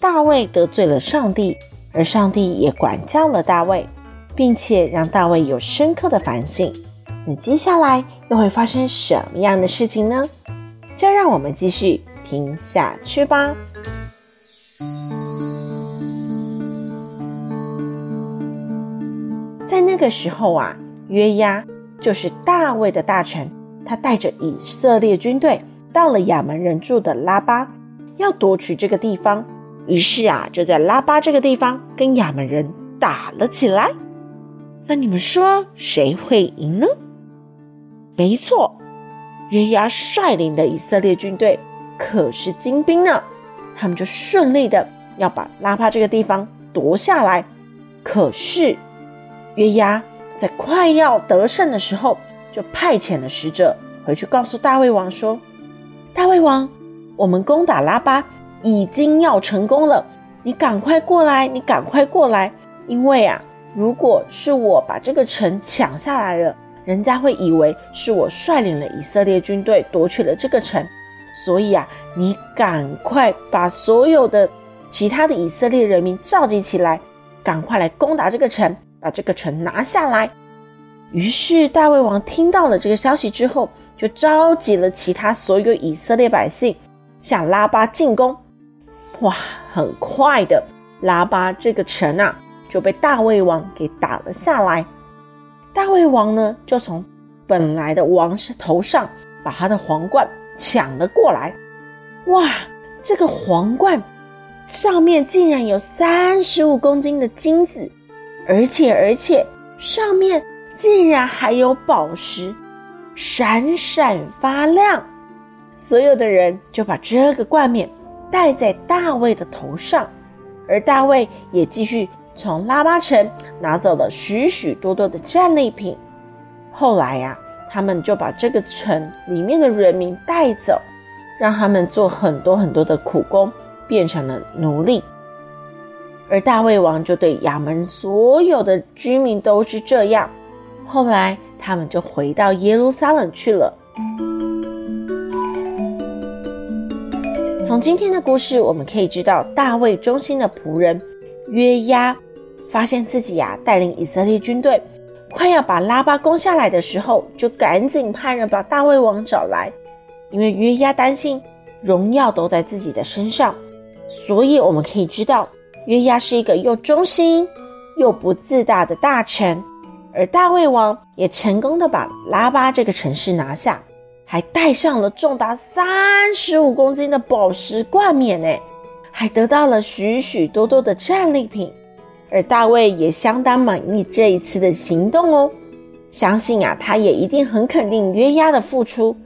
大衛得罪了上帝，而上帝也管教了大衛，並且讓大衛有深刻的反省。那接下來又會發生什麼樣的事情呢？就讓我們繼續聽下去吧。在那個時候啊，約押就是大衛的大臣，他帶着以色列軍隊到了亞捫人住的拉巴，要奪取這個地方。於是啊，就在拉巴這個地方跟亞捫人打了起來。那你們說誰會贏呢？沒錯，約押率領的以色列軍隊可是精兵呢，他們就順利的要把拉巴這個地方奪下來。可是約押在快要得勝的時候，就派遣了使者回去告訴大衛王說：“大衛王，我們攻打拉巴。”已經要成功了，你趕快過來，你趕快過來，因為啊，如果是我把這個城搶下來了，人家會以為是我率領了以色列軍隊奪取了這個城，所以啊，你趕快把所有的其他的以色列人民召集起來，趕快來攻打這個城，把這個城拿下來。於是大衛王聽到了這個消息之後，就召集了其他所有以色列百姓向拉巴進攻。哇，很快的，拉巴這個城啊就被大衛王給打了下來。大衛王呢，就從本來的王室頭上把他的皇冠搶了過來。哇，這個皇冠上面竟然有三十五公斤的金子，而且而且上面竟然還有寶石，閃閃發亮。所有的人就把這個冠冕，戴在大衛的頭上，而大衛也繼續從拉巴城拿走了許許多多的戰利品。後來呀、啊，他們就把這個城裡面的人民帶走，讓他們做很多很多的苦工，變成了奴隸。而大衛王就對亞捫所有的居民都是這樣。後來他們就回到耶路撒冷去了。從今天的故事，我們可以知道，大衛忠心的僕人約押，發現自己呀、啊、帶領以色列軍隊快要把拉巴攻下來的時候，就趕緊派人把大衛王找來，因為約押擔心榮耀都在自己的身上，所以我們可以知道，約押是一個又忠心又不自大的大臣，而大衛王也成功的把拉巴這個城市拿下。還帶上了重達三十五公斤的寶石冠冕呢，還得到了許許多多的戰利品，而大衛也相當滿意這一次的行動哦。相信啊，他也一定很肯定約押的付出。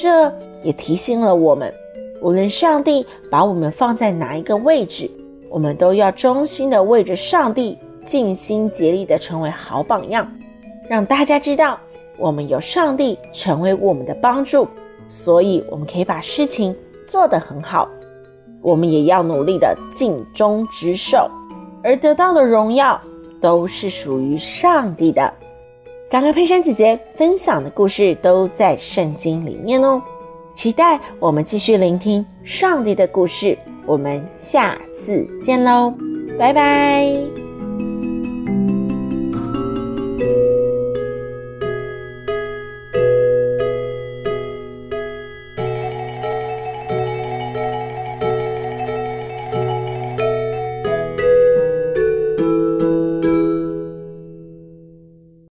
這也提醒了我們，無論上帝把我們放在哪一個位置，我們都要忠心的為着上帝，盡心竭力的成為好榜樣，讓大家知道。我們有上帝成為我們的幫助，所以我們可以把事情做得很好。我們也要努力的盡忠職守，而得到的榮耀都是屬於上帝的。剛剛佩珊姐姐分享的故事都在聖經裡面哦，期待我們繼續聆聽上帝的故事。我們下次見嘍，拜拜。